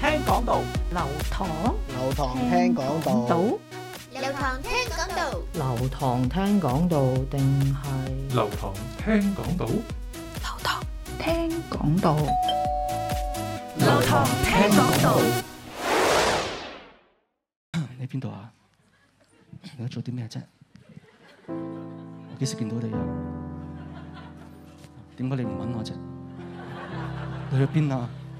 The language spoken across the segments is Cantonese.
聽講道流堂，流堂聽講道，流堂聽講道，流堂聽講道，定係流堂聽講道，流堂聽講道，流堂聽講道。你邊度啊？你而家做啲咩啫？我幾時見到你啊？點解你唔揾我啫？你去咗邊啊？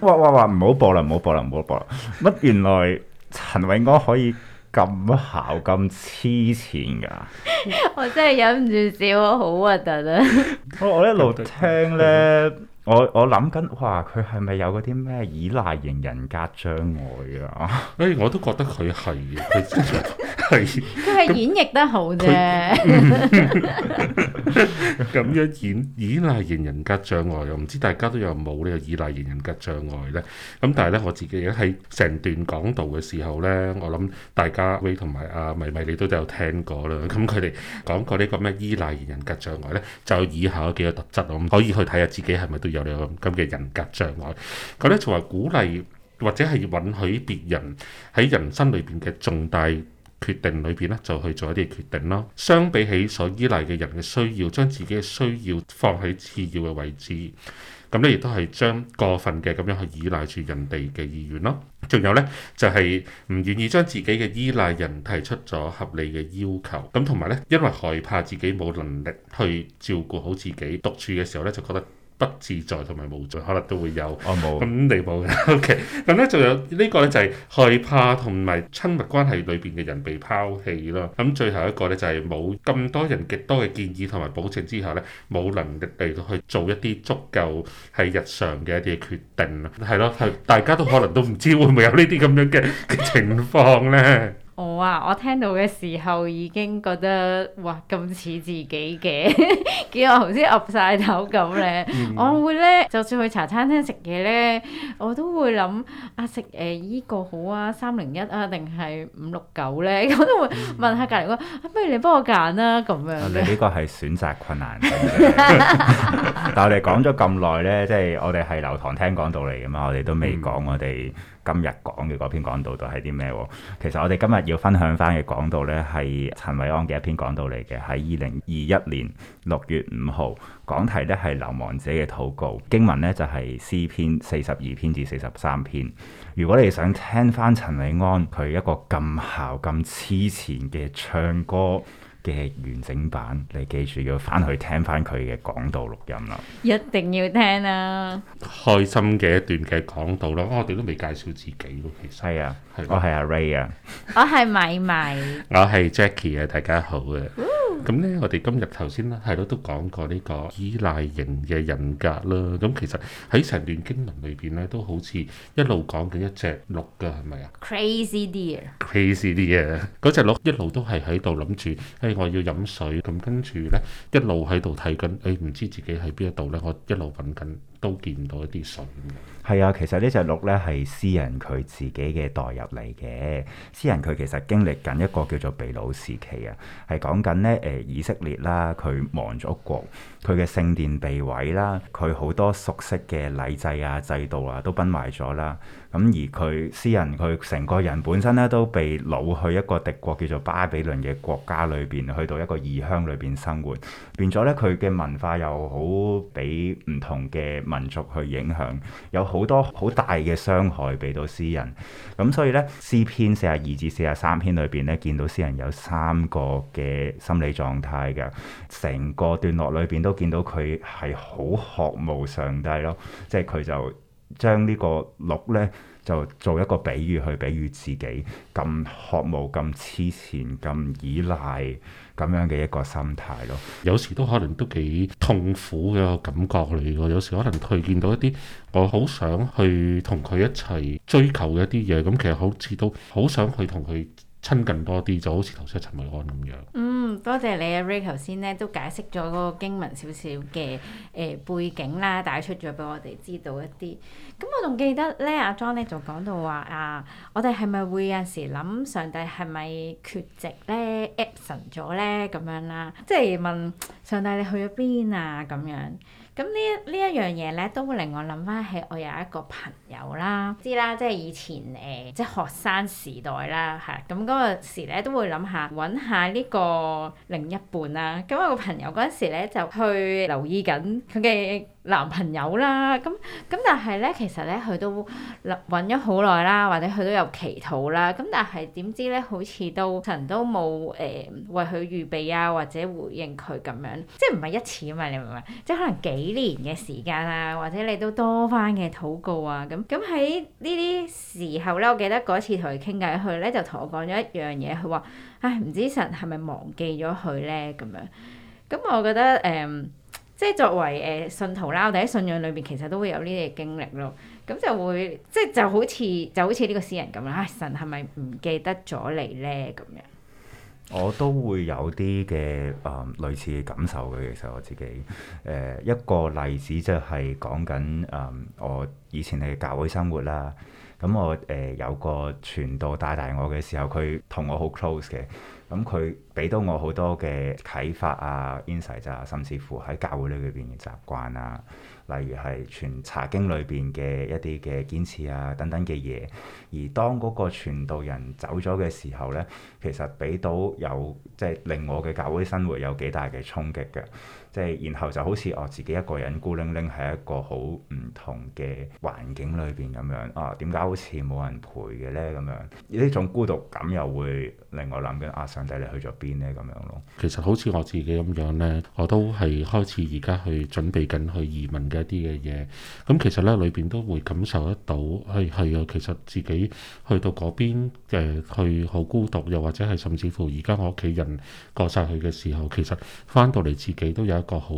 哇哇哇！唔好播啦，唔好播啦，唔好播啦！乜原來陳永安可以咁姣咁黐纏㗎？ 我真係忍唔住笑，啊，好核突啊！我我一路聽咧。我我諗緊，哇！佢係咪有嗰啲咩依賴型人格障礙啊？誒、欸，我都覺得佢係，佢經佢係演繹得好啫、 嗯。咁 樣演依賴型人格障礙，又唔知大家都有冇呢個依賴型人格障礙咧？咁但係咧，我自己喺成段講道嘅時候咧，我諗大家威同埋阿咪咪，你都有聽過啦。咁佢哋講過呢個咩依賴型人格障礙咧，就有以下有幾個特質，我唔可以去睇下自己係咪都。有啲咁嘅人格障礙，咁咧，就係鼓勵或者係允許別人喺人生裏邊嘅重大決定裏邊咧，就去做一啲決定咯。相比起所依賴嘅人嘅需要，將自己嘅需要放喺次要嘅位置，咁咧，亦都係將過分嘅咁樣去依賴住人哋嘅意願咯。仲有咧，就係、是、唔願意將自己嘅依賴人提出咗合理嘅要求，咁同埋咧，因為害怕自己冇能力去照顧好自己獨處嘅時候咧，就覺得。不自在同埋無罪，可能都會有。咁、哦嗯、你冇 OK。咁 咧、嗯，仲有呢、呢個咧就係害怕同埋親密關係裏邊嘅人被拋棄啦。咁、嗯、最後一個咧就係冇咁多人極多嘅建議同埋保證之下咧，冇能力嚟去做一啲足夠係日常嘅一啲決定啦。係咯，係大家都可能都唔知會唔會有呢啲咁樣嘅嘅情況咧。 我、哦、啊，我聽到嘅時候已經覺得，哇咁似自己嘅， 見我頭先噏晒頭咁咧，嗯、我會咧就算去茶餐廳食嘢咧，我都會諗啊，食誒依個好啊，三零一啊，定係五六九咧，我都會問下隔離個，不如你幫我揀啦咁樣。你呢個係選擇困難症 但係我哋講咗咁耐咧，即、就、係、是、我哋係流堂聽講道嚟㗎嘛，我哋都未講我哋。今日講嘅嗰篇講道都係啲咩？其實我哋今日要分享翻嘅講道呢，係陳偉安嘅一篇講道嚟嘅，喺二零二一年六月五號，講題呢係流亡者嘅禱告，經文呢就係詩篇四十二篇至四十三篇。如果你想聽翻陳偉安佢一個咁孝咁痴纏嘅唱歌。嘅完整版，你記住要翻去聽翻佢嘅講道錄音啦！一定要聽啦、啊！開心嘅一段嘅講道咯，我哋都未介紹自己咯，其實係啊，吧我係阿 Ray 啊，我係米米， 我係 Jackie 啊，大家好啊！咁咧， 我哋今日頭先咧，係咯，都講過呢個依賴型嘅人格啦。咁其實喺成段經文裏邊咧，都好似一路講緊一隻鹿噶，係咪啊？Crazy 啲 e Crazy 啲 e 嗰隻鹿一路都係喺度諗住，哎，我要飲水。咁跟住咧，一路喺度睇緊，哎，唔知自己喺邊一度咧，我一路揾緊。都見到一啲信嘅，係啊，其實呢隻鹿咧係詩人佢自己嘅代入嚟嘅，詩人佢其實經歷緊一個叫做被擄時期啊，係講緊咧誒以色列啦，佢亡咗國，佢嘅聖殿被毀啦，佢好多熟悉嘅禮制啊制度啊都崩壞咗啦。咁而佢詩人佢成個人本身咧都被擄去一個敵國叫做巴比倫嘅國家裏邊去到一個異鄉裏邊生活，變咗咧佢嘅文化又好俾唔同嘅民族去影響，有好多好大嘅傷害俾到詩人。咁所以咧詩篇四十二至四十三篇裏邊咧見到詩人有三個嘅心理狀態嘅，成個段落裏邊都見到佢係好渴慕上帝咯，即係佢就。將呢個六呢，就做一個比喻去比喻自己，咁渴望、咁痴纏、咁依賴咁樣嘅一個心態咯。有時都可能都幾痛苦嘅感覺嚟嘅。有時可能佢見到一啲我好想去同佢一齊追求嘅一啲嘢，咁其實好似都好想去同佢。親近多啲，就好似頭先陳慧安咁樣。嗯，多謝你啊 Ray 頭先咧都解釋咗個經文少少嘅誒背景啦，帶出咗俾我哋知道一啲。咁我仲記得咧阿 John 咧就講到話啊，我哋係咪會有時諗上帝係咪缺席咧？Absent 咗咧咁樣啦，即係問上帝你去咗邊啊咁樣。咁呢一呢一樣嘢咧，都會令我諗翻起我有一個朋友啦，知啦，即係以前誒、呃，即係學生時代啦嚇，咁嗰個時嗰陣時咧都會諗下揾下呢個另一半啦。咁我個朋友嗰陣時咧就去留意緊佢嘅。男朋友啦，咁咁但係咧，其實咧佢都揾咗好耐啦，或者佢都有祈禱啦，咁但係點知咧，好似都神都冇誒、呃、為佢預備啊，或者回應佢咁樣，即係唔係一次啊嘛？你明唔明？即係可能幾年嘅時間啊，或者你都多番嘅禱告啊，咁咁喺呢啲時候咧，我記得嗰次同佢傾偈，佢咧就同我講咗一樣嘢，佢話：唉，唔知神係咪忘記咗佢咧？咁樣，咁我覺得誒。呃即係作為誒信徒啦，我哋喺信仰裏邊其實都會有呢啲經歷咯。咁就會即係就好似就好似呢個詩人咁啦，唉、哎，神係咪唔記得咗你呢？咁樣我都會有啲嘅誒類似嘅感受嘅。其實我自己誒、呃、一個例子就係講緊誒我以前嘅教會生活啦。咁我誒、呃、有個傳道帶大大我嘅時候，佢同我好 close 嘅。咁佢俾到我好多嘅啟發啊，insight 啊，甚至乎喺教會裏邊嘅習慣啊，例如係傳查經裏邊嘅一啲嘅堅持啊，等等嘅嘢。而當嗰個傳道人走咗嘅時候咧，其實俾到有即係、就是、令我嘅教會生活有幾大嘅衝擊嘅，即係然後就好似我自己一個人孤零零喺一個好唔同嘅環境裏邊咁樣啊，點解好似冇人陪嘅咧咁樣呢種孤獨感又會令我諗緊啊～上帝你去咗邊呢？咁樣咯，其實好似我自己咁樣呢，我都係開始而家去準備緊去移民嘅一啲嘅嘢。咁其實呢，裏邊都會感受得到，係係啊。其實自己去到嗰邊嘅、呃，去好孤獨，又或者係甚至乎而家我屋企人過晒去嘅時候，其實翻到嚟自己都有一個好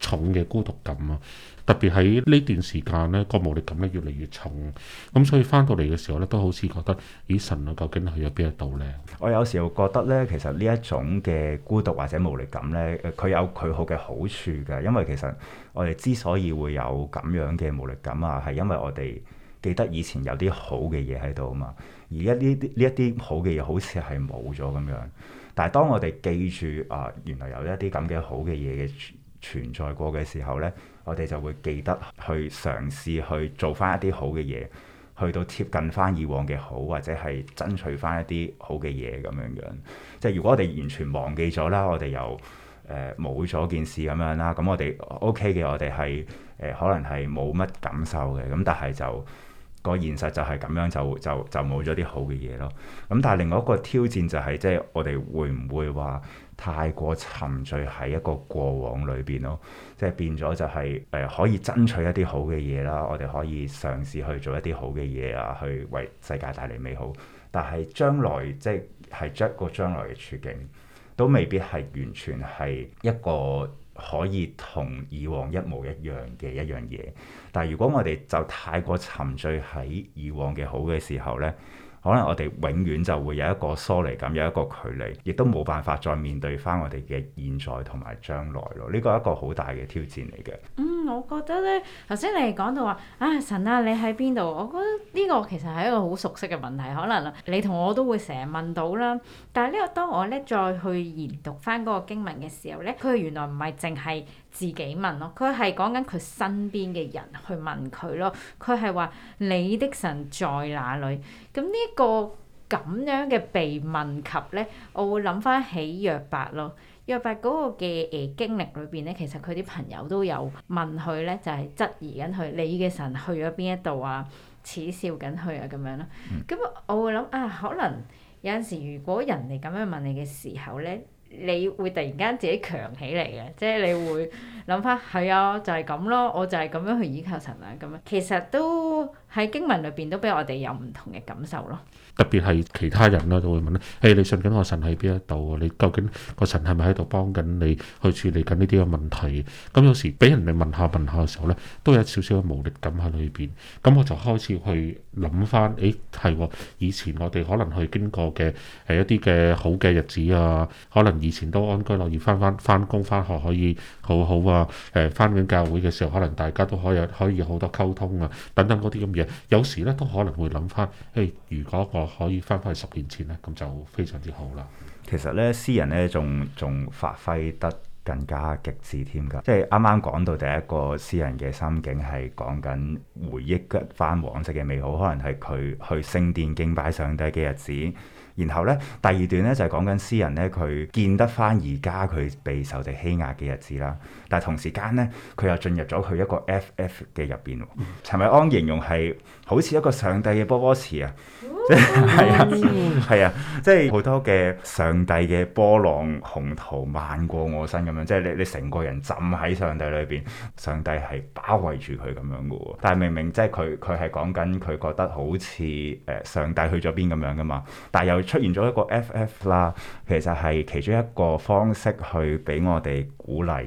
重嘅孤獨感啊！特別喺呢段時間呢，呢個無力感咧越嚟越重，咁所以翻到嚟嘅時候咧，都好似覺得，咦，神啊，究竟去咗邊一度呢？我有時候覺得呢，其實呢一種嘅孤獨或者無力感呢，佢有佢好嘅好處嘅，因為其實我哋之所以會有咁樣嘅無力感啊，係因為我哋記得以前有啲好嘅嘢喺度啊嘛，而家呢啲呢一啲好嘅嘢好似係冇咗咁樣，但係當我哋記住啊，原來有一啲咁嘅好嘅嘢嘅。存在過嘅時候呢，我哋就會記得去嘗試去做翻一啲好嘅嘢，去到貼近翻以往嘅好，或者係爭取翻一啲好嘅嘢咁樣樣。即係如果我哋完全忘記咗啦，我哋又、呃、冇咗件事咁樣啦，咁我哋 O K 嘅，我哋係誒可能係冇乜感受嘅。咁、嗯、但係就、個現實就係咁樣，就就就冇咗啲好嘅嘢咯。咁、嗯、但係另外一個挑戰就係、是、即係我哋會唔會話？太過沉醉喺一個過往裏邊咯，即係變咗就係、是、誒、呃、可以爭取一啲好嘅嘢啦，我哋可以嘗試去做一啲好嘅嘢啊，去為世界帶嚟美好。但係將來即係喺個將來嘅處境，都未必係完全係一個可以同以往一模一樣嘅一樣嘢。但係如果我哋就太過沉醉喺以往嘅好嘅時候呢，可能我哋永遠就會有一個疏離感，有一個距離，亦都冇辦法再面對翻我哋嘅現在同埋將來咯。呢個係一個好大嘅挑戰嚟嘅。嗯，我覺得咧，頭先你講到話，啊神啊，你喺邊度？我覺得呢個其實係一個好熟悉嘅問題，可能你同我都會成日問到啦。但係呢個，當我咧再去研讀翻嗰個經文嘅時候咧，佢原來唔係淨係。自己問咯，佢係講緊佢身邊嘅人去問佢咯。佢係話你的神在哪裏？咁呢一個咁樣嘅被問及咧，我會諗返起約伯咯。約伯嗰個嘅誒經歷裏邊咧，其實佢啲朋友都有問佢咧，就係、是、質疑緊佢，你嘅神去咗邊一度啊？恥笑緊佢啊咁樣咯。咁、嗯、我會諗啊，可能有陣時如果人哋咁樣問你嘅時候咧。你會突然間自己強起嚟嘅，即係你會諗翻係啊，就係、是、咁咯，我就係咁樣去依靠神啊咁樣。其實都喺經文裏邊都俾我哋有唔同嘅感受咯。特別係其他人咧、啊、就會問咧，誒你信緊個神喺邊一度？你究竟個神係咪喺度幫緊你去處理緊呢啲嘅問題？咁有時俾人哋問下問下嘅時候咧，都有少少嘅無力感喺裏邊。咁我就開始去。諗翻，誒係喎，哎哦，以前我哋可能去經過嘅，誒一啲嘅好嘅日子啊，可能以前都安居樂業，翻翻翻工翻學可以好好啊，誒翻緊教會嘅時候，可能大家都可以可以好多溝通啊，等等嗰啲咁嘢，有時咧都可能會諗翻，誒，哎，如果我可以翻返去十年前咧，咁就非常之好啦。其實咧，私人咧仲仲發揮得。更加極致添㗎，即係啱啱講到第一個詩人嘅心境係講緊回憶嘅返往昔嘅美好，可能係佢去聖殿敬拜上帝嘅日子。然後咧，第二段咧就係講緊詩人咧，佢見得翻而家佢被受盡欺壓嘅日子啦。但係同時間咧，佢又進入咗佢一個 FF 嘅入邊。陳偉安形容係好似一個上帝嘅波波池啊，即係啊係啊，即係好多嘅上帝嘅波浪洪濤漫過我身咁樣，即係你你成個人浸喺上帝裏邊，上帝係包圍住佢咁樣嘅。但係明明即係佢佢係講緊佢覺得好似誒、呃、上帝去咗邊咁樣噶嘛，但係又，出現咗一個 FF 啦，其實係其中一個方式，去俾我哋鼓勵，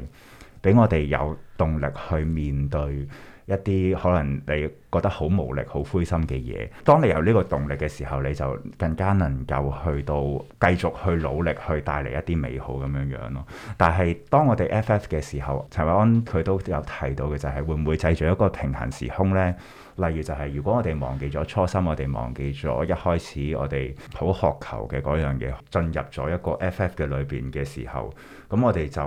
俾我哋有動力去面對一啲可能你覺得好無力、好灰心嘅嘢。當你有呢個動力嘅時候，你就更加能夠去到繼續去努力，去帶嚟一啲美好咁樣樣咯。但係當我哋 FF 嘅時候，陳偉安佢都有提到嘅就係會唔會製造一個平行時空呢？例如就係，如果我哋忘記咗初心，我哋忘記咗一開始我哋好渴求嘅嗰樣嘢，進入咗一個 FF 嘅裏邊嘅時候，咁我哋就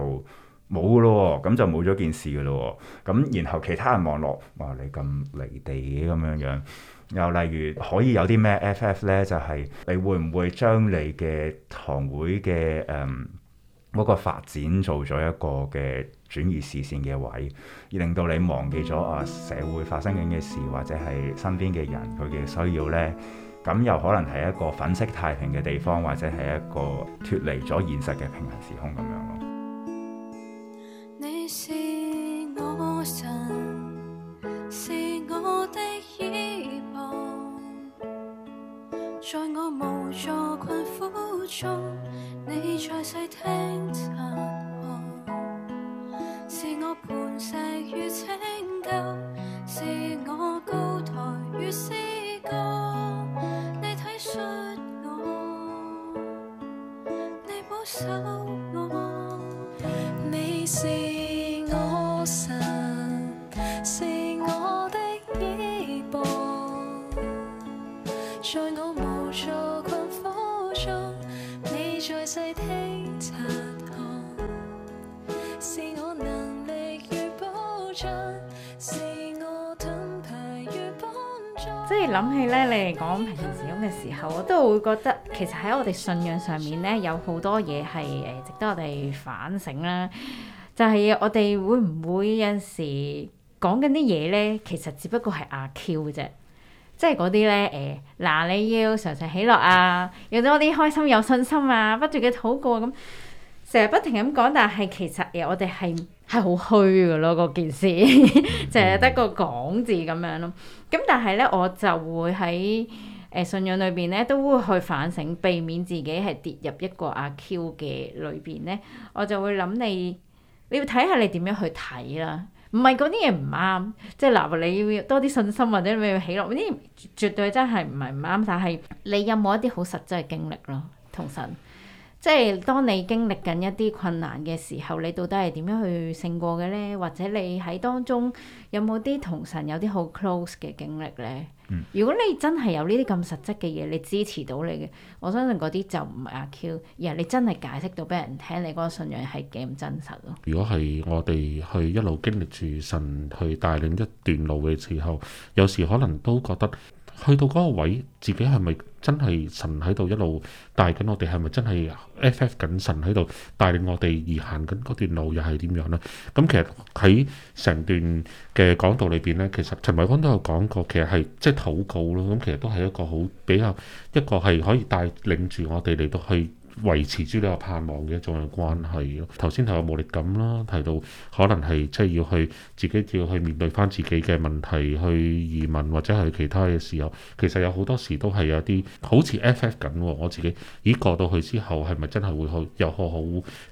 冇嘅咯，咁就冇咗件事嘅咯。咁然後其他人望落話你咁離地嘅咁樣樣，又例如可以有啲咩 FF 咧？就係你會唔會將你嘅堂會嘅誒嗰個發展做咗一個嘅轉移視線嘅位，而令到你忘記咗啊社會發生緊嘅事，或者係身邊嘅人佢嘅需要呢，咁又可能係一個粉飾太平嘅地方，或者係一個脫離咗現實嘅平行時空咁樣咯。其實喺我哋信仰上面咧，有好多嘢係誒值得我哋反省啦。就係、是、我哋會唔會有時講緊啲嘢咧？其實只不過係阿 Q 啫，即係嗰啲咧誒，嗱、呃、你要常常喜樂啊，要多啲開心有信心啊，不斷嘅好過咁，成日不停咁講，但係其實誒我哋係係好虛噶咯，嗰件事就係得個講字咁樣咯。咁但係咧，我就會喺。誒信仰裏邊咧都會去反省，避免自己係跌入一個阿 Q 嘅裏邊咧。我就會諗你，你要睇下你點樣去睇啦。唔係嗰啲嘢唔啱，即係嗱，你要多啲信心或者你要起落呢？絕對真係唔係唔啱，但係你有冇一啲好實質嘅經歷咯，同神？即係當你經歷緊一啲困難嘅時候，你到底係點樣去勝過嘅呢？或者你喺當中有冇啲同神有啲好 close 嘅經歷呢？嗯。如果你真係有呢啲咁實質嘅嘢，你支持到你嘅，我相信嗰啲就唔係阿 Q，而係你真係解釋到俾人聽，你嗰個信仰係幾咁真實咯。如果係我哋去一路經歷住神去帶領一段路嘅時候，有時可能都覺得。去到嗰個位，自己係咪真係神喺度一路帶緊我哋？係咪真係 FF 緊神喺度帶領我哋而行緊嗰段路又係點樣咧？咁其實喺成段嘅講道裏邊咧，其實陳偉芳都有講過其實係即係禱告咯。咁其實都係一個好比較一個係可以帶領住我哋嚟到去。維持住呢個盼望嘅一種嘅關係咯。頭先提到無力感啦，提到可能係即係要去自己要去面對翻自己嘅問題，去移民或者係其他嘅時候，其實有好多時都係有啲好似 FF 緊喎。我自己咦過到去之後是是，係咪真係會去有好好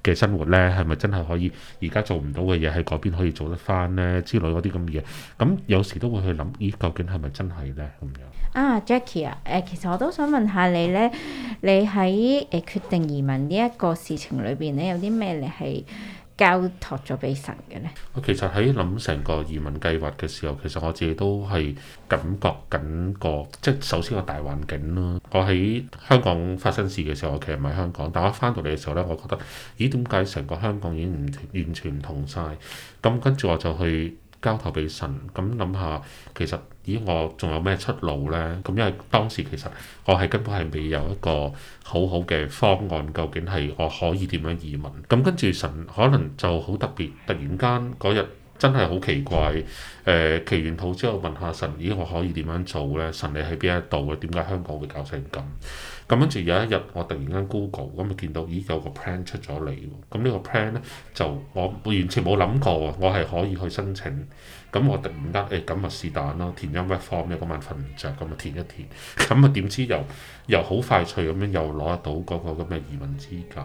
嘅生活呢？係咪真係可以而家做唔到嘅嘢喺嗰邊可以做得翻呢？之類嗰啲咁嘅嘢，咁有時都會去諗咦究竟係咪真係呢？咁樣？啊 Jackie 啊，誒、呃、其實我都想問下你呢，你喺誒、呃、決定定移民呢一個事情裏邊咧，有啲咩你係交託咗俾神嘅呢？我其實喺諗成個移民計劃嘅時候，其實我自己都係感覺緊個，即係首先個大環境咯。我喺香港發生事嘅時候，我其實唔喺香港，但我翻到嚟嘅時候呢，我覺得，咦？點解成個香港已經唔完全唔同晒？咁跟住我就去交託俾神，咁諗下其實。咦！我仲有咩出路呢？咁因為當時其實我係根本係未有一個好好嘅方案，究竟係我可以點樣移民？咁跟住神可能就好特別，突然間嗰日真係好奇怪。誒祈完禱之後問下神：咦，我可以點樣做呢？神你喺邊一度嘅？點解香港會搞成咁？咁跟住有一日我突然間 Google，咁咪見到咦有個 plan 出咗嚟喎！咁呢個 plan 呢，就我完全冇諗過，我係可以去申請。咁我突然間誒咁咪是但咯，填咗咩 form，你嗰晚瞓唔着，咁咪填一填，咁啊點知又又好快脆咁樣又攞得到嗰個咁嘅移民資格。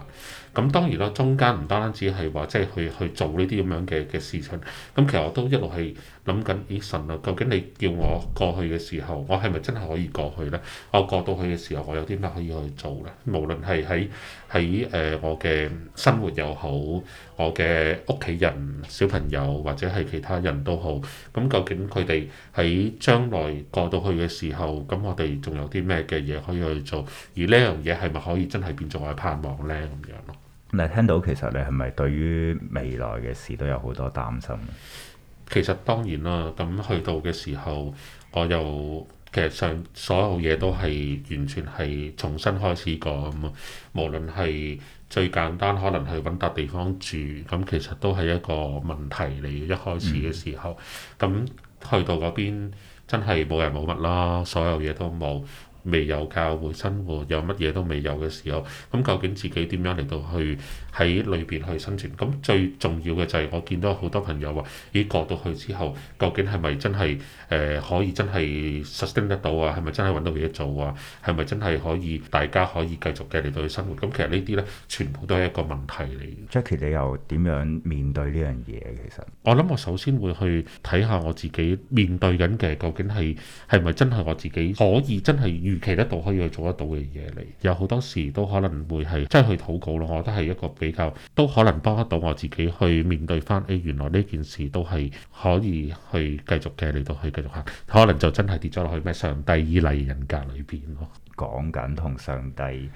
咁當然啦，中間唔單止係話即係去去做呢啲咁樣嘅嘅事情。咁其實我都一路係諗緊，咦、哎、神啊，究竟你叫我過去嘅時候，我係咪真係可以過去呢？我過到去嘅時候，我有啲乜可以去做呢？無論係喺喺誒我嘅生活又好，我嘅屋企人、小朋友或者係其他人都好，咁究竟佢哋喺將來過到去嘅時候，咁我哋仲有啲咩嘅嘢可以去做？而呢樣嘢係咪可以真係變做我嘅盼望呢？咁樣咯。嗱，聽到其實你係咪對於未來嘅事都有好多擔心？其實當然啦，咁去到嘅時候，我又其實上所有嘢都係完全係重新開始過咁啊。無論係最簡單，可能去揾笪地方住，咁其實都係一個問題。你一開始嘅時候，咁、嗯、去到嗰邊真係冇人冇物啦，所有嘢都冇。未有教會生活，又乜嘢都未有嘅時候，咁究竟自己點樣嚟到去？喺裏邊去生存，咁最重要嘅就係、是、我見到好多朋友話：咦，過到去之後，究竟係咪真係誒、呃、可以真係 sustain 得到啊？係咪真係揾到嘢做啊？係咪真係可以大家可以繼續嘅嚟到去生活？咁其實呢啲呢，全部都係一個問題嚟。Jackie，你又點樣面對呢樣嘢？其實我諗我首先會去睇下我自己面對緊嘅，究竟係係咪真係我自己可以真係預期得到可以去做得到嘅嘢嚟？有好多時都可能會係真係去禱告咯。我覺得係一個比較都可能幫得到我自己去面對翻，誒、哎，原來呢件事都係可以去繼續嘅，嚟到去繼續行，可能就真係跌咗落去咩上帝以嚟人格裏邊咯，講緊同上帝誒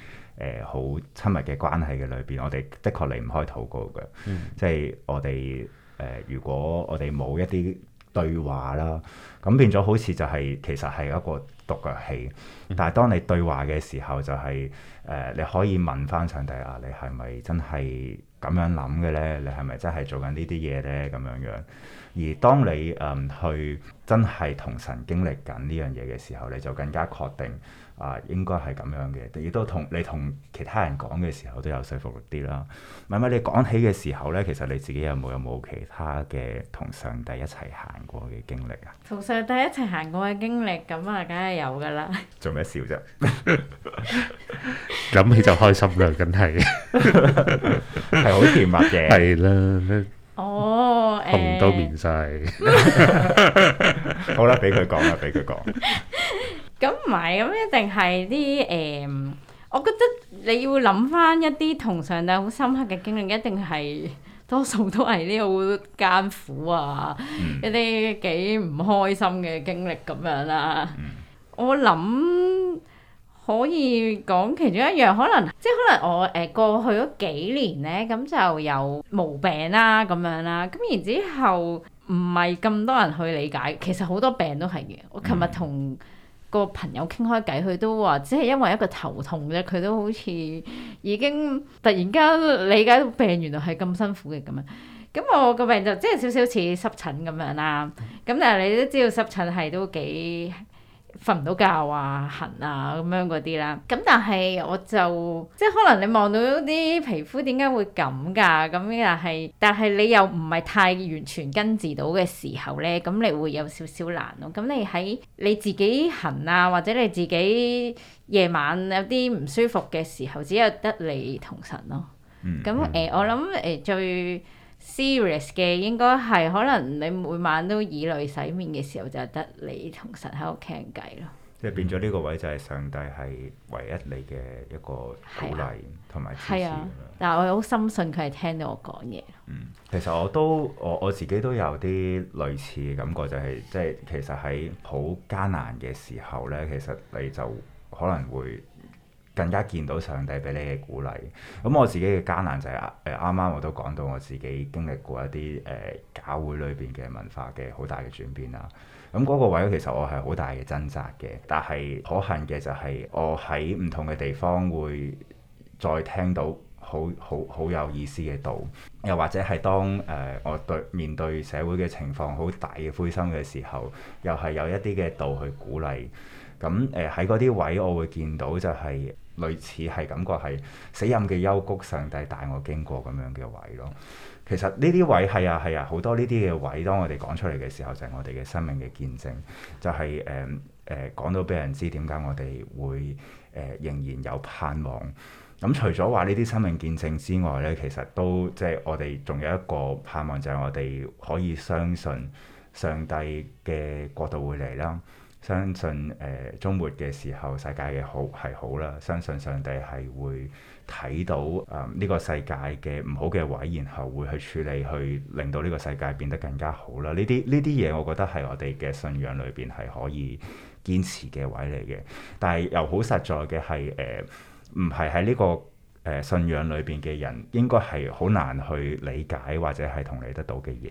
好、呃、親密嘅關係嘅裏邊，我哋的確離唔開禱告嘅，嗯、即係我哋誒、呃，如果我哋冇一啲。對話啦，咁變咗好似就係、是、其實係一個獨腳戲。但係當你對話嘅時候、就是，就係誒你可以問翻上帝啊，你係咪真係咁樣諗嘅咧？你係咪真係做緊呢啲嘢咧？咁樣樣。而當你誒、呃、去真係同神經歷緊呢樣嘢嘅時候，你就更加確定。啊，應該係咁樣嘅，亦都同你同其他人講嘅時候都有說服力啲啦。唔係唔係，你講起嘅時候呢，其實你自己有冇有冇其他嘅同上帝一齊行過嘅經歷啊？同上帝一齊行過嘅經歷，咁啊，梗係有噶啦。做咩笑啫？諗起就開心啦，梗係係好甜蜜嘅。係啦。哦。紅都面晒。好啦，俾佢講啦，俾佢講。咁唔係，咁一定係啲誒，我覺得你要諗翻一啲同上帝好深刻嘅經歷，一定係多數都係啲好艱苦啊，嗯、一啲幾唔開心嘅經歷咁樣啦、啊。嗯、我諗可以講其中一樣，可能即係可能我誒、呃、過去咗幾年咧，咁就有毛病啦、啊，咁樣啦、啊，咁然之後唔係咁多人去理解，其實好多病都係嘅。我琴日同、嗯個朋友傾開偈，佢都話，只係因為一個頭痛啫，佢都好似已經突然間理解到病原來係咁辛苦嘅咁樣！咁我個病就即係少少似濕疹咁樣啦。咁但係你都知道濕疹係都幾～瞓唔到覺啊，痕啊咁樣嗰啲啦，咁但係我就即係可能你望到啲皮膚點解會咁㗎啊？咁但係但係你又唔係太完全根治到嘅時候呢，咁你會有少少難咯啊。咁你喺你自己痕啊，或者你自己夜晚有啲唔舒服嘅時候，只有得你同神咯。嗯。咁誒，嗯，呃，我諗誒，呃，最 Serious 嘅應該係可能你每晚都以淚洗面嘅時候就係得你同神喺度傾偈咯。即係、嗯、變咗呢個位就係、是、上帝係唯一你嘅一個鼓勵同埋支持、啊、但係我好深信佢係聽到我講嘢。嗯，其實我都我我自己都有啲類似嘅感覺，就係、是、即係其實喺好艱難嘅時候呢，其實你就可能會。更加見到上帝俾你嘅鼓勵。咁我自己嘅艱難就係，誒，啱啱我都講到我自己經歷過一啲，誒，教會裏邊嘅文化嘅好大嘅轉變啦。咁嗰個位其實我係好大嘅掙扎嘅。但係可幸嘅就係我喺唔同嘅地方會再聽到好好好有意思嘅道。又或者係當誒、呃、我對面對社會嘅情況好大嘅灰心嘅時候，又係有一啲嘅道去鼓勵。咁誒喺嗰啲位我會見到就係、是。類似係感覺係死蔭嘅幽谷，上帝帶我經過咁樣嘅位咯。其實呢啲位係啊係啊，好、啊、多呢啲嘅位，當我哋講出嚟嘅時候，就係、是、我哋嘅生命嘅見證，就係誒誒講到俾人知點解我哋會誒、嗯、仍然有盼望。咁、嗯、除咗話呢啲生命見證之外咧，其實都即係、就是、我哋仲有一個盼望，就係、是、我哋可以相信上帝嘅國度會嚟啦。相信誒終、呃、末嘅時候，世界嘅好係好啦。相信上帝係會睇到誒呢、呃、呢個世界嘅唔好嘅位，然後會去處理，去令到呢個世界變得更加好啦。呢啲呢啲嘢，我覺得係我哋嘅信仰裏邊係可以堅持嘅位嚟嘅。但係又好實在嘅係誒唔係喺呢個。呃、信仰裏邊嘅人應該係好難去理解或者係同理得到嘅嘢，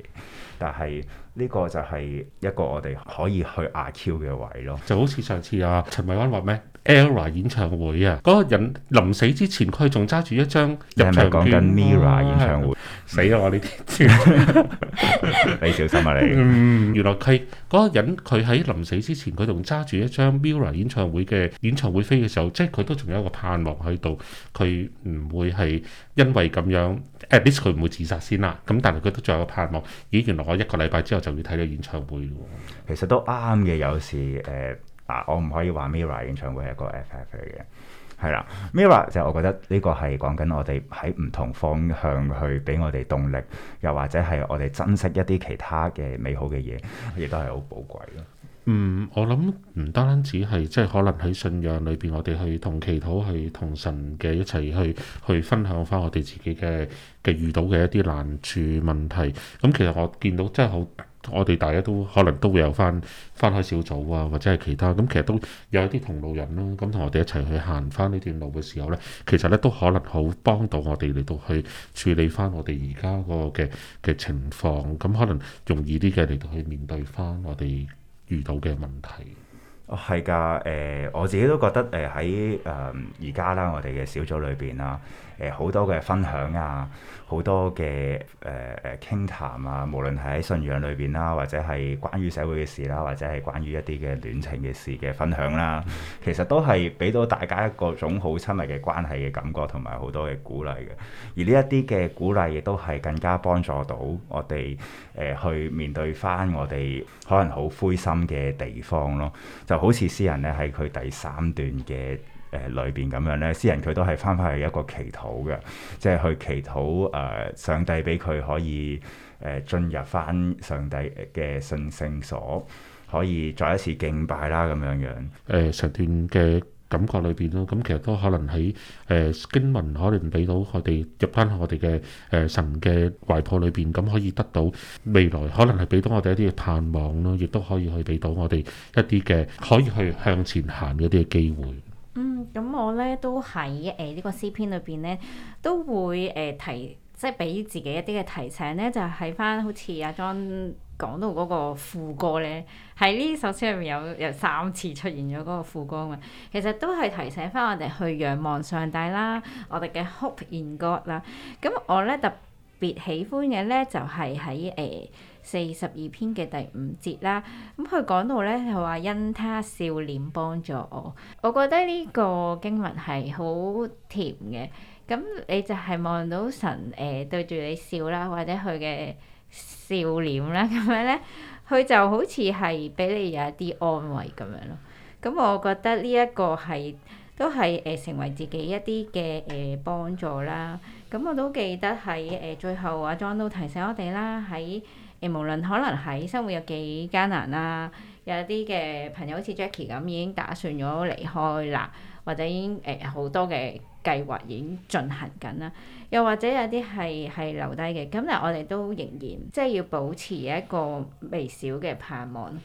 但係呢個就係一個我哋可以去阿 Q 嘅位咯。就好似上次啊，陳偉安話咩？Ella 演唱會啊，嗰個人臨死之前佢仲揸住一張入場券。你咪講緊 Mira 演唱會，死咗我呢啲，你小心啊你！嗯、原來佢嗰個人，佢喺臨死之前佢仲揸住一張 Mira 演唱會嘅演唱會飛嘅時候，即係佢都仲有一個盼望喺度，佢唔會係因為咁樣，at least 佢唔會自殺先啦。咁但係佢都仲有一個盼望，咦？原來我一個禮拜之後就要睇佢演唱會咯。其實都啱嘅，有時誒。呃啊！我唔可以話 Mira 演唱會係個 FF 嚟嘅，係啦。 Mira 就我覺得呢個係講緊我哋喺唔同方向去俾我哋動力，又或者係我哋珍惜一啲其他嘅美好嘅嘢，亦都係好寶貴咯。嗯，我諗唔單止係即係可能喺信仰裏邊，我哋去同祈禱去同神嘅一齊去去分享返我哋自己嘅嘅遇到嘅一啲難處問題。咁其實我見到真係好。我哋大家都可能都會有翻翻開小組啊，或者係其他咁，其實都有一啲同路人啦、啊。咁同我哋一齊去行翻呢段路嘅時候呢，其實呢都可能好幫到我哋嚟到去處理翻我哋而家個嘅嘅情況。咁可能容易啲嘅嚟到去面對翻我哋遇到嘅問題。哦，係噶，誒、呃，我自己都覺得誒喺誒而家啦，我哋嘅小組裏邊啦。誒好多嘅分享啊，好多嘅誒誒傾談啊，無論係喺信仰裏邊啦，或者係關於社會嘅事啦、啊，或者係關於一啲嘅戀情嘅事嘅分享啦、啊，其實都係俾到大家一個種好親密嘅關係嘅感覺，同埋好多嘅鼓勵嘅。而呢一啲嘅鼓勵亦都係更加幫助到我哋誒、呃、去面對翻我哋可能好灰心嘅地方咯。就好似詩人咧，喺佢第三段嘅。誒裏邊咁樣咧，詩人佢都係翻返去一個祈禱嘅，即係去祈禱誒、呃、上帝俾佢可以誒、呃、進入翻上帝嘅信聖所，可以再一次敬拜啦。咁樣樣誒，整、呃、段嘅感覺裏邊咯，咁其實都可能喺誒、呃、經文可能俾到佢哋入翻我哋嘅誒神嘅懷抱裏邊，咁可以得到未來可能係俾到我哋一啲嘅盼望咯，亦都可以去俾到我哋一啲嘅可以去向前行嗰啲嘅機會。嗯，咁我咧都喺誒、呃這個、呢個詩篇裏邊咧，都會誒、呃、提即係俾自己一啲嘅提醒咧，就喺、是、翻好似阿 John 講到嗰個副歌咧，喺呢首詩入面有有三次出現咗嗰個副歌啊嘛，其實都係提醒翻我哋去仰望上帝啦，我哋嘅 hope in God 啦。咁我咧特別喜歡嘅咧就係喺誒、呃四十二篇嘅第五節啦，咁佢講到咧就話因他笑臉幫助我，我覺得呢個經文係好甜嘅。咁你就係望到神誒、呃、對住你笑啦，或者佢嘅笑臉啦，咁樣咧，佢就好似係俾你有一啲安慰咁樣咯。咁我覺得呢一個係都係誒、呃、成為自己一啲嘅誒幫助啦。咁我都記得喺誒、呃、最後阿 John 都提醒我哋啦，喺誒、欸、無論可能喺生活有幾艱難啦、啊，有啲嘅朋友好似 Jackie 咁已經打算咗離開啦，或者已經誒好、呃、多嘅計劃已經進行緊啦，又或者有啲係係留低嘅，咁但我哋都仍然即係、就是、要保持一個微小嘅盼望。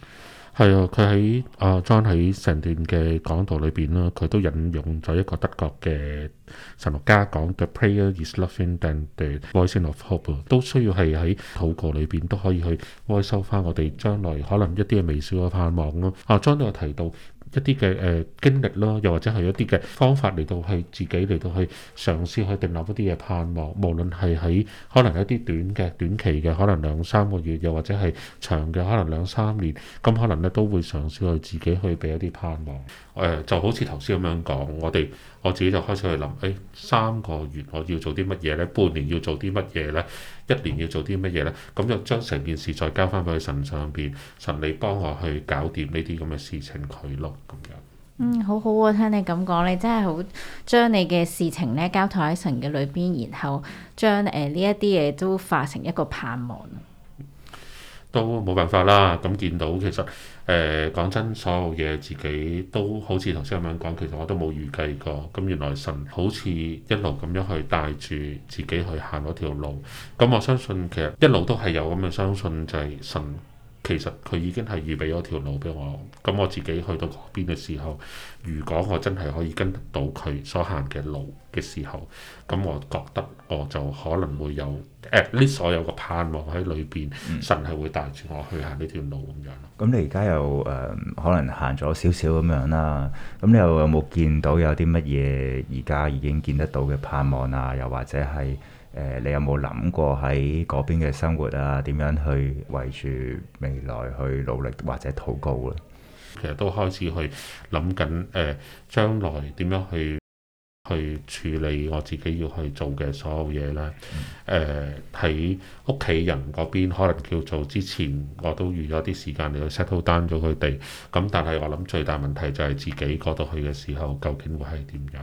係啊，佢喺啊 John 喺成段嘅講道裏邊啦，佢都引用咗一個德國嘅神學家講嘅 Prayer is loving and the voicing of hope，都需要係喺禱告裏邊都可以去哀收翻我哋將來可能一啲嘅微笑嘅盼望咯。啊，啊 John 都有提到。一啲嘅誒經歷咯，又或者係一啲嘅方法嚟到去自己嚟到去嘗試去定立一啲嘅盼望，無論係喺可能一啲短嘅短期嘅，可能兩三個月，又或者係長嘅，可能兩三年，咁可能咧都會嘗試去自己去俾一啲盼望。誒、呃、就好似頭先咁樣講，我哋。我自己就開始去諗，誒、哎、三個月我要做啲乜嘢咧？半年要做啲乜嘢咧？一年要做啲乜嘢咧？咁就將成件事再交翻去神上邊，神你幫我去搞掂呢啲咁嘅事情佢咯，咁樣。嗯，好好啊，聽你咁講，你真係好將你嘅事情咧交託喺神嘅裏邊，然後將誒呢一啲嘢都化成一個盼望。都冇辦法啦。咁見到其實誒講、呃、真，所有嘢自己都好似頭先咁樣講，其實我都冇預計過。咁原來神好似一路咁樣去帶住自己去行嗰條路。咁我相信其實一路都係有咁嘅相信，就係、係、神。其實佢已經係預備咗條路俾我，咁我自己去到嗰邊嘅時候，如果我真係可以跟得到佢所行嘅路嘅時候，咁我覺得我就可能會有誒呢、嗯、所有嘅盼望喺裏邊，神係會帶住我去行呢條路咁樣咁、嗯、你而家又誒、呃、可能行咗少少咁樣啦，咁你又有冇見到有啲乜嘢而家已經見得到嘅盼望啊？又或者係？誒、呃，你有冇諗過喺嗰邊嘅生活啊？點樣去為住未來去努力或者禱告咧？其實都開始去諗緊誒，將來點樣去去處理我自己要去做嘅所有嘢咧？誒、嗯，喺屋企人嗰邊可能叫做之前我都預咗啲時間嚟去 settle down 咗佢哋，咁但係我諗最大問題就係自己過到去嘅時候，究竟會係點樣？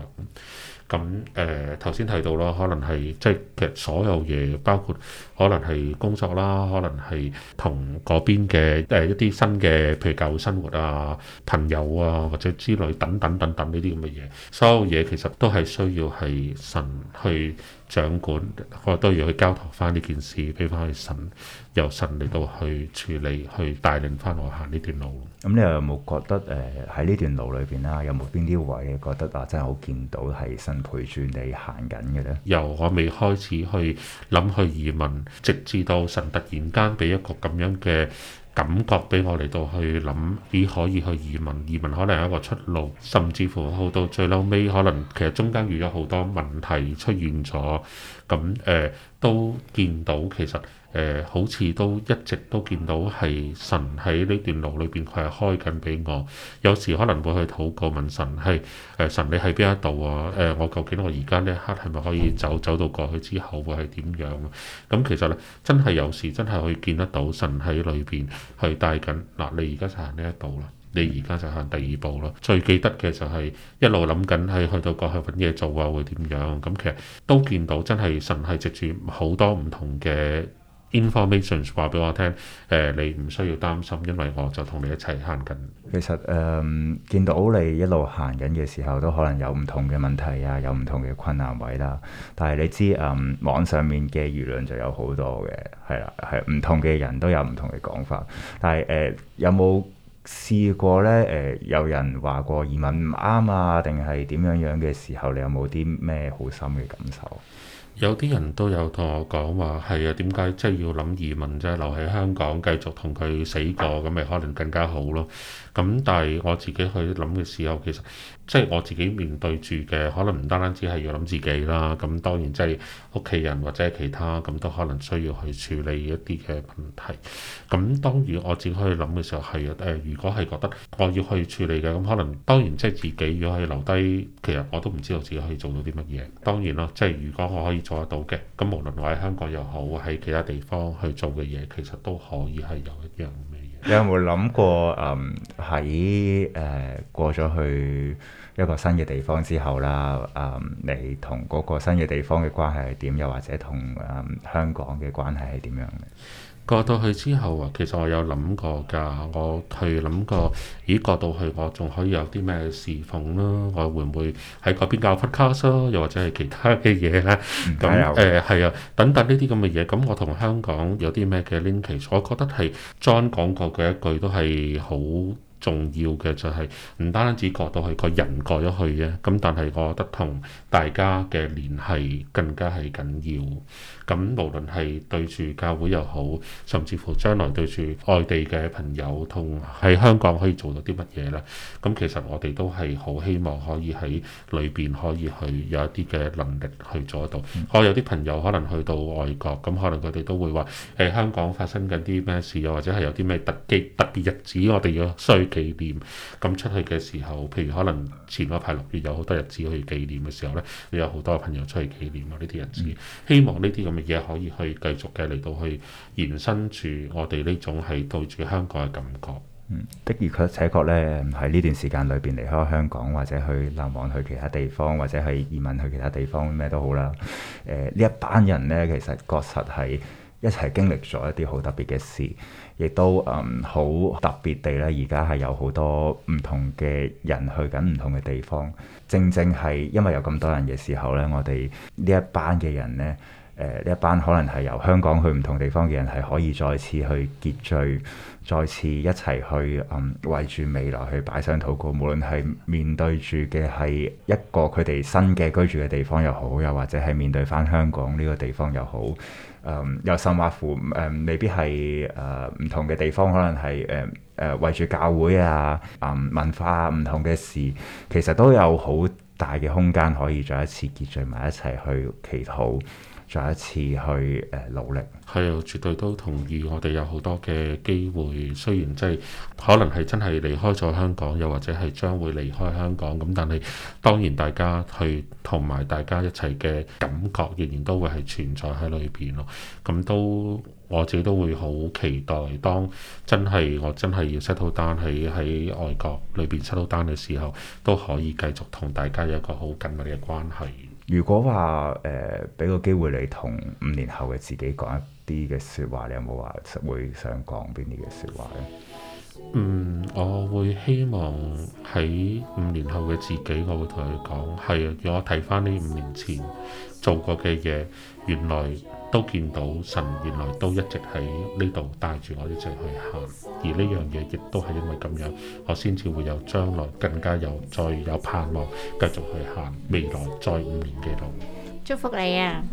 咁誒頭先提到啦，可能係即係其實所有嘢，包括可能係工作啦，可能係同嗰邊嘅誒、呃、一啲新嘅，譬如教會生活啊、朋友啊或者之類等等等等呢啲咁嘅嘢，所有嘢其實都係需要係神去。掌管，我都要去交託翻呢件事，俾翻去神，由神嚟到去處理，去帶領翻我行呢段路。咁、嗯、你有冇覺得誒喺呢段路裏邊啦，有冇邊啲位覺得啊，真係好見到係神陪住你行緊嘅呢？由我未開始去諗去移民，直至到神突然間俾一個咁樣嘅。感覺俾我嚟到去諗，咦，可以去移民？移民可能係一個出路，甚至乎到到最嬲尾，可能其實中間遇咗好多問題出現咗，咁誒、呃、都見到其實。誒、呃、好似都一直都見到係神喺呢段路裏邊佢係開緊俾我，有時可能會去禱告問神係誒、呃、神你喺邊一度啊？誒、呃、我究竟我而家呢一刻係咪可以走、嗯、走到過去之後會係點樣、啊？咁、嗯、其實咧真係有時真係可以見得到神喺裏邊去帶緊嗱，你而家就行呢一步啦，你而家就行第二步啦。最記得嘅就係一路諗緊係去到過去搵嘢做啊會點樣、啊？咁、嗯、其實都見到真係神係藉住好多唔同嘅。Information 話俾我聽，誒、呃，你唔需要擔心，因為我就同你一齊行緊。其實誒、呃，見到你一路行緊嘅時候，都可能有唔同嘅問題啊，有唔同嘅困難位啦、啊。但係你知誒、呃，網上面嘅輿論就有好多嘅，係啦，係唔同嘅人都有唔同嘅講法。但係誒、呃，有冇試過咧？誒、呃，有人話過移民唔啱啊，定係點樣樣嘅時候，你有冇啲咩好深嘅感受？有啲人都有同我講話，係啊，點解即係要諗移民啫？留喺香港繼續同佢死過，咁咪可能更加好咯。咁但係我自己去諗嘅時候，其實即係我自己面對住嘅，可能唔單單只係要諗自己啦。咁當然即係屋企人或者其他咁都可能需要去處理一啲嘅問題。咁當然我自己去諗嘅時候係誒、呃，如果係覺得我要去處理嘅，咁可能當然即係自己如果係留低，其實我都唔知道自己可以做到啲乜嘢。當然啦，即係如果我可以做得到嘅，咁無論我喺香港又好喺其他地方去做嘅嘢，其實都可以係有一樣。你有冇諗過誒？喺、嗯、誒、呃、過咗去一個新嘅地方之後啦，誒、嗯、你同嗰個新嘅地方嘅關係係點？又或者同誒、嗯、香港嘅關係係點樣咧？過到去之後啊，其實我有諗過㗎，我去諗過，咦過到去我仲可以有啲咩侍奉咯？我會唔會喺嗰邊搞 podcast 咯？又或者係其他嘅嘢咧？咁誒係啊，等等呢啲咁嘅嘢。咁我同香港有啲咩嘅 link？其實我覺得係 John 講過嘅一句都係好重要嘅就係唔單止過到去個人過咗去嘅，咁但係我覺得同大家嘅聯繫更加係緊要。咁無論係對住教會又好，甚至乎將來對住外地嘅朋友同喺香港可以做到啲乜嘢啦。咁其實我哋都係好希望可以喺裏邊可以去有一啲嘅能力去做得到。嗯、我有啲朋友可能去到外國，咁可能佢哋都會話誒香港發生緊啲咩事啊？或者係有啲咩特記特別日子，我，我哋要需。紀念咁出去嘅時候，譬如可能前嗰排六月有好多日子去紀念嘅時候呢，你有好多朋友出去紀念啊！呢啲日子，希望呢啲咁嘅嘢可以去繼續嘅嚟到去延伸住我哋呢種係對住香港嘅感覺。嗯，的而且確呢，喺呢段時間裏邊離開香港或者去流亡去其他地方或者去移民去其他地方咩都好啦。呃，呢一班人呢，其實確實係一齊經歷咗一啲好特別嘅事。亦都嗯好特別地咧，而家係有好多唔同嘅人去緊唔同嘅地方，正正係因為有咁多人嘅時候呢，我哋呢一班嘅人呢，誒、呃、呢一班可能係由香港去唔同地方嘅人係可以再次去結聚，再次一齊去嗯圍住未來去擺上禱告，無論係面對住嘅係一個佢哋新嘅居住嘅地方又好，又或者係面對翻香港呢個地方又好。誒、um, 又甚或乎、嗯、未必係誒唔同嘅地方，可能係誒誒為住教會啊、誒、嗯、文化啊、唔同嘅事，其實都有好大嘅空間可以再一次結聚埋一齊去祈禱。再一次去誒努力，係啊，絕對都同意。我哋有好多嘅機會，雖然即係可能係真係離開咗香港，又或者係將會離開香港咁，但係當然大家去同埋大家一齊嘅感覺，仍然都會係存在喺裏邊咯。咁都我自己都會好期待，當真係我真係要 settle down 喺喺外國裏邊 settle down 嘅時候，都可以繼續同大家有一個好緊密嘅關係。如果話誒，俾、呃、個機會你同五年後嘅自己講一啲嘅説話，你有冇話會想講邊啲嘅説話咧？嗯，我會希望喺五年後嘅自己，我會同佢講係啊，如果我睇翻呢五年前做過嘅嘢，原來，都見到神原來都一直喺呢度帶住我一直去行，而呢樣嘢亦都係因為咁樣，我先至會有將來更加有再有盼望，繼續去行未來再五年嘅路。祝福你啊！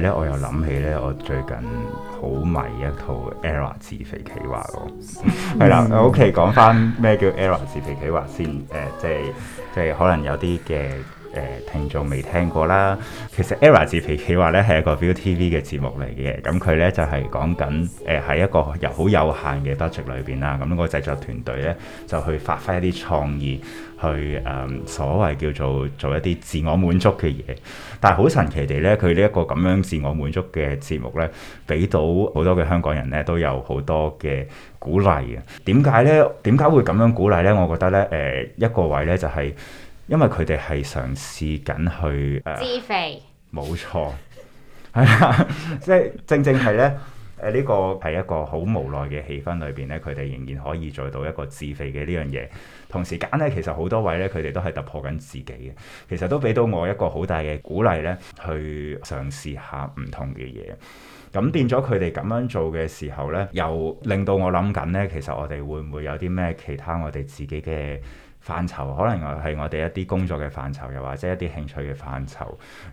咧我又諗起咧，我最近好迷一套《ERROR 自肥企劃 了》咯，係啦，OK，講翻咩叫《ERROR 自肥企劃》先，誒、呃，即係即係可能有啲嘅。誒、呃、聽眾未聽過啦，其實 ERROR 自肥企劃咧係一個 ViuTV 嘅節目嚟嘅，咁佢咧就係、是、講緊誒喺、呃、一個又好有，有限嘅 budget 裏邊啦，咁、那個製作團隊咧就去發揮一啲創意，去誒、呃、所謂叫做做一啲自我滿足嘅嘢。但係好神奇地咧，佢呢一個咁樣自我滿足嘅節目咧，俾到好多嘅香港人咧都有好多嘅鼓勵啊！點解咧？點解會咁樣鼓勵咧？我覺得咧，誒、呃、一個位咧就係、是。因為佢哋係嘗試緊去誒、呃、自肥，冇錯，係啊，即係正正係咧誒呢、呃呢個喺一個好無奈嘅氣氛裏邊咧，佢哋仍然可以做到一個自肥嘅呢樣嘢。同時間咧，其實好多位咧，佢哋都係突破緊自己嘅，其實都俾到我一個好大嘅鼓勵咧，去嘗試下唔同嘅嘢。咁變咗佢哋咁樣做嘅時候咧，又令到我諗緊咧，其實我哋會唔會有啲咩其他我哋自己嘅範疇可能係我哋一啲工作嘅範疇，又或者一啲興趣嘅範疇，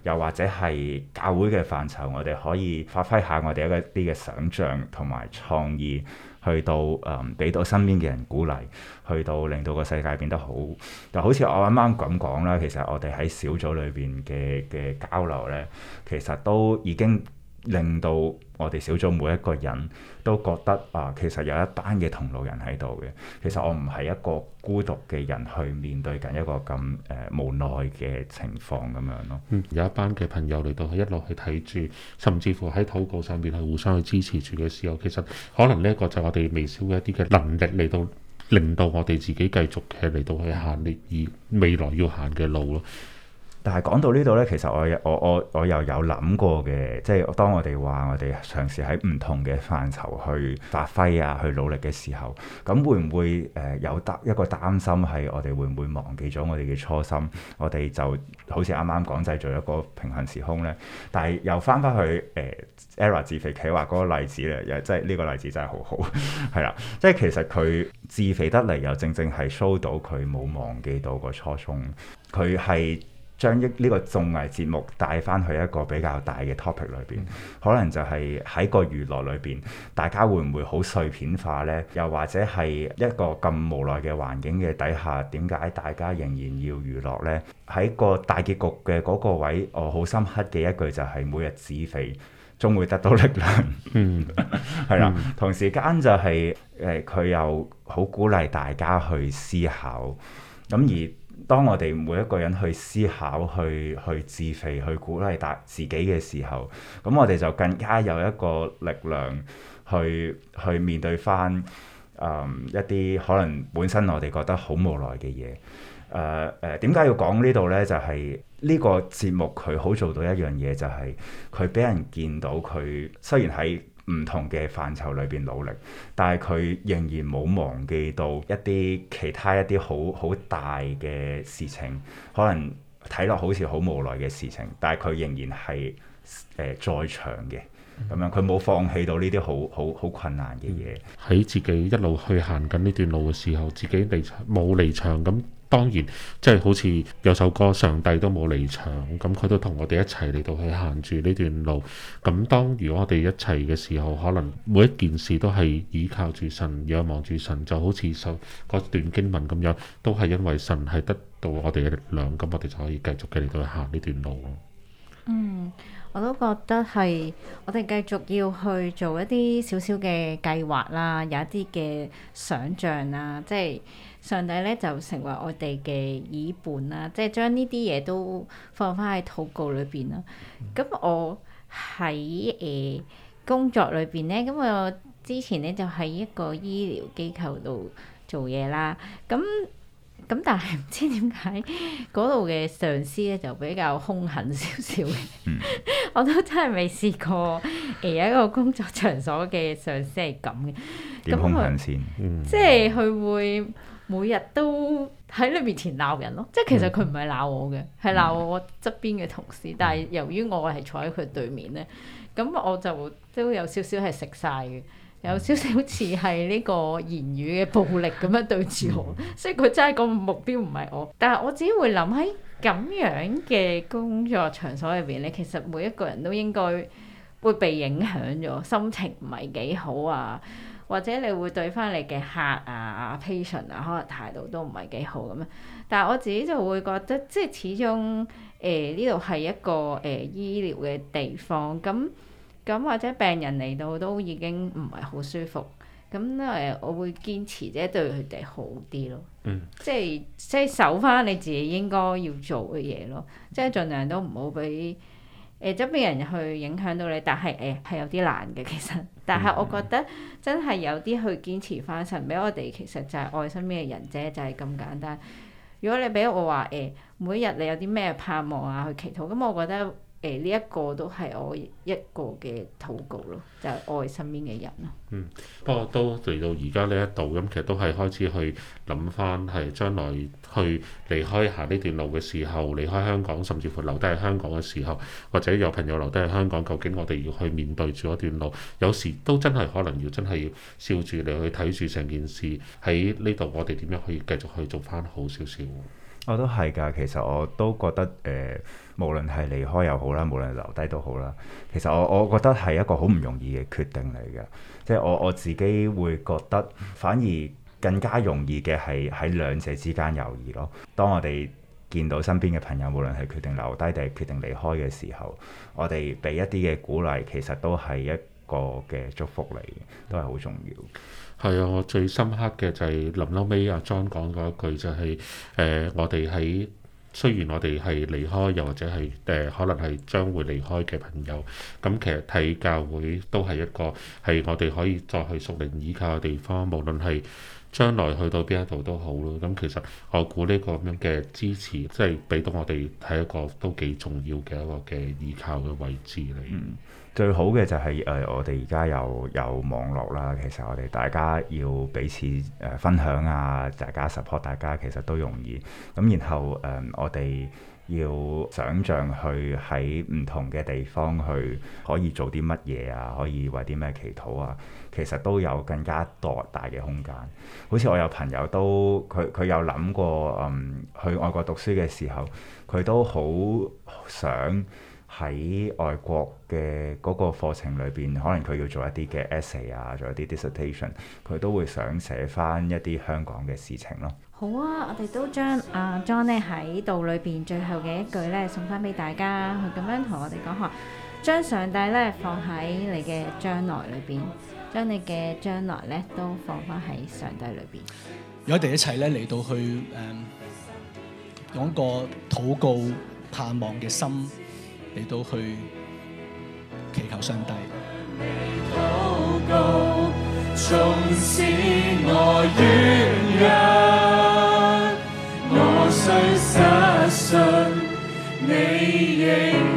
又或者係教會嘅範疇，我哋可以發揮下我哋一啲嘅想像同埋創意，去到誒俾、嗯、到身邊嘅人鼓勵，去到令到個世界變得好。就好似我啱啱咁講啦，其實我哋喺小組裏邊嘅嘅交流咧，其實都已經令到我哋小組每一個人。都覺得啊，其實有一班嘅同路人喺度嘅，其實我唔係一個孤獨嘅人去面對緊一個咁誒、呃、無奈嘅情況咁樣咯。嗯，有一班嘅朋友嚟到去一路去睇住，甚至乎喺禱告上面係互相去支持住嘅時候，其實可能呢一個就係我哋微小嘅一啲嘅能力嚟到令到我哋自己繼續嘅嚟到去行你而未來要行嘅路咯。但係講到呢度呢，其實我我我我又有諗過嘅，即係當我哋話我哋嘗試喺唔同嘅範疇去發揮啊，去努力嘅時候，咁會唔會誒、呃、有得一個擔心係我哋會唔會忘記咗我哋嘅初心？我哋就好似啱啱講製造一個平衡時空呢。但係又翻返去誒、呃、Era 自肥企劃嗰個例子呢，又真係呢個例子真係好好係啦，即係其實佢自肥得嚟又正正係 show 到佢冇忘記到個初衷，佢係。將呢呢個綜藝節目帶翻去一個比較大嘅 topic 裏邊，嗯、可能就係喺個娛樂裏邊，大家會唔會好碎片化呢？又或者係一個咁無奈嘅環境嘅底下，點解大家仍然要娛樂呢？喺個大結局嘅嗰個位，我好深刻嘅一句就係、是：每日自肥，終會得到力量。嗯，係啦 了。嗯、同時間就係、是、誒，佢又好鼓勵大家去思考。咁、嗯、而當我哋每一個人去思考、去去自肥、去鼓勵大自己嘅時候，咁我哋就更加有一個力量去去面對返誒、呃、一啲可能本身我哋覺得好無奈嘅嘢。誒、呃、誒，點解要講呢度呢？就係、是、呢個節目佢好做到一樣嘢，就係佢俾人見到佢雖然喺唔同嘅範疇裏邊努力，但係佢仍然冇忘記到一啲其他一啲好好大嘅事情，可能睇落好似好無奈嘅事情，但係佢仍然係誒在場嘅咁樣，佢冇放棄到呢啲好好好困難嘅嘢。喺自己一路去行緊呢段路嘅時候，自己離場，冇離場咁。當然，即係好似有首歌《上帝都冇離場》，咁佢都同我哋一齊嚟到去行住呢段路。咁當如果我哋一齊嘅時候，可能每一件事都係倚靠住神、仰望住神，就好似首段經文咁樣，都係因為神係得到我哋嘅力量，咁我哋就可以繼續嘅嚟到去行呢段路咯。嗯，我都覺得係我哋繼續要去做一啲小小嘅計劃啦，有一啲嘅想像啦，即係。上帝咧就成為我哋嘅耳伴啦，即係將呢啲嘢都放翻喺禱告裏邊啦。咁我喺誒工作裏邊咧，咁我之前咧就喺一個醫療機構度做嘢啦。咁咁但係唔知點解嗰度嘅上司咧就比較兇狠少少嘅。我都真係未試過誒一個工作場所嘅上司係咁嘅。點兇狠先？即係佢會。每日都喺你面前鬧人咯，即係其實佢唔係鬧我嘅，係鬧、嗯、我側邊嘅同事。嗯、但係由於我係坐喺佢對面咧，咁我就都有少少係食晒嘅，有少少似係呢個言語嘅暴力咁樣對住我。 所以佢真係個目標唔係我，但係我自己會諗喺咁樣嘅工作場所入邊咧，其實每一個人都應該會被影響咗，心情唔係幾好啊。或者你會對翻你嘅客啊、啊、patient 啊，可能態度都唔係幾好咁啊。但係我自己就會覺得，即係始終誒呢度係一個誒、呃、醫療嘅地方，咁咁或者病人嚟到都已經唔係好舒服，咁誒、呃、我會堅持即係對佢哋好啲咯。嗯、即係即係守翻你自己應該要做嘅嘢咯，即係盡量都唔好俾。誒周、呃、邊人去影響到你，但係誒係有啲難嘅其實。但係我覺得真係有啲去堅持翻神，俾我哋其實就係愛身邊嘅人啫，就係咁簡單。如果你俾我話誒、呃，每一日你有啲咩盼望啊，去祈禱，咁、嗯、我覺得誒呢一個都係我一個嘅禱告咯，就係、是、愛身邊嘅人咯。嗯，不過都嚟到而家呢一度，咁其實都係開始去諗翻係將來。去離開下呢段路嘅時候，離開香港，甚至乎留低喺香港嘅時候，或者有朋友留低喺香港，究竟我哋要去面對住一段路，有時都真係可能要真係要笑住你去睇住成件事喺呢度，我哋點樣可以繼續去做翻好少少？我都係㗎，其實我都覺得誒，無論係離開又好啦，無論留低都好啦，其實我我覺得係一個好唔容易嘅決定嚟嘅，即係我我自己會覺得反而。更加容易嘅係喺兩者之間猶豫咯。當我哋見到身邊嘅朋友，無論係決定留低定係決定離開嘅時候，我哋俾一啲嘅鼓勵，其實都係一個嘅祝福嚟嘅，都係好重要。係、嗯、啊，我最深刻嘅就係臨撈尾阿 John 講嗰一句就係、是、誒、呃，我哋喺雖然我哋係離開，又或者係誒、呃、可能係將會離開嘅朋友，咁、嗯、其實睇教會都係一個係我哋可以再去屬靈依靠嘅地方，無論係。將來去到邊一度都好咯，咁其實我估呢個咁樣嘅支持，即係俾到我哋係一個都幾重要嘅一個嘅依靠嘅位置嚟。嗯，最好嘅就係、是、誒、呃、我哋而家又有網絡啦，其實我哋大家要彼此誒分享啊，大家 support 大家，其實都容易。咁然後誒、呃、我哋要想像去喺唔同嘅地方去可以做啲乜嘢啊，可以為啲咩祈禱啊？其實都有更加多大嘅空間，好似我有朋友都佢佢有諗過，嗯，去外國讀書嘅時候，佢都好想喺外國嘅嗰個課程裏邊，可能佢要做一啲嘅 essay 啊，做一啲 dissertation，佢都會想寫翻一啲香港嘅事情咯。好啊，我哋都將阿、啊、John 咧喺度裏邊最後嘅一句呢，送翻俾大家，佢咁樣同我哋講話，將上帝呢，放喺你嘅將來裏邊。將你嘅將來咧都放翻喺上帝裏面。如果我哋一齊咧嚟到去，誒、嗯，用一個禱告盼望嘅心嚟到去祈求上帝。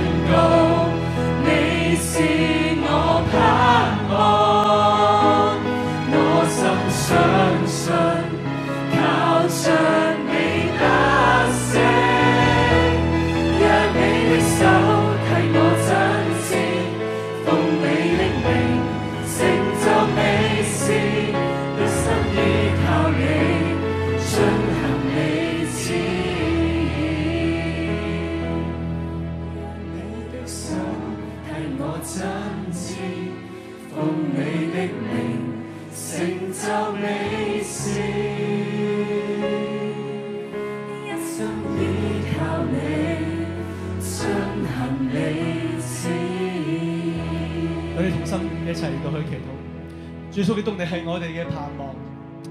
主所賜嘅動力，你係我哋嘅盼望，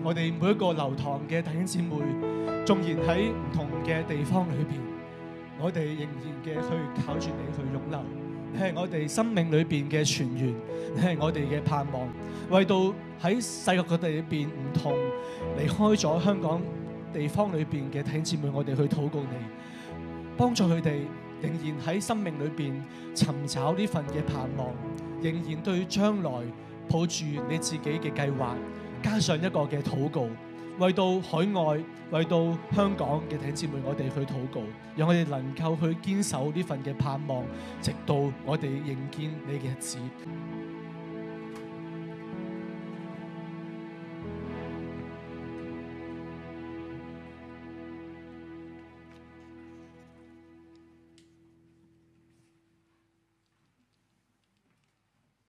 我哋每一個流堂嘅弟兄姊妹，縱然喺唔同嘅地方裏邊，我哋仍然嘅去靠住你去湧流，你係我哋生命裏邊嘅泉源，你係我哋嘅盼望。為到喺世界各地裏邊唔同離開咗香港地方裏邊嘅弟兄姊妹，我哋去禱告你，幫助佢哋仍然喺生命裏邊尋找呢份嘅盼望，仍然對將來。抱住你自己嘅計劃，加上一個嘅禱告，為到海外，為到香港嘅弟兄姊妹，我哋去禱告，讓我哋能夠去堅守呢份嘅盼望，直到我哋迎見你嘅日子。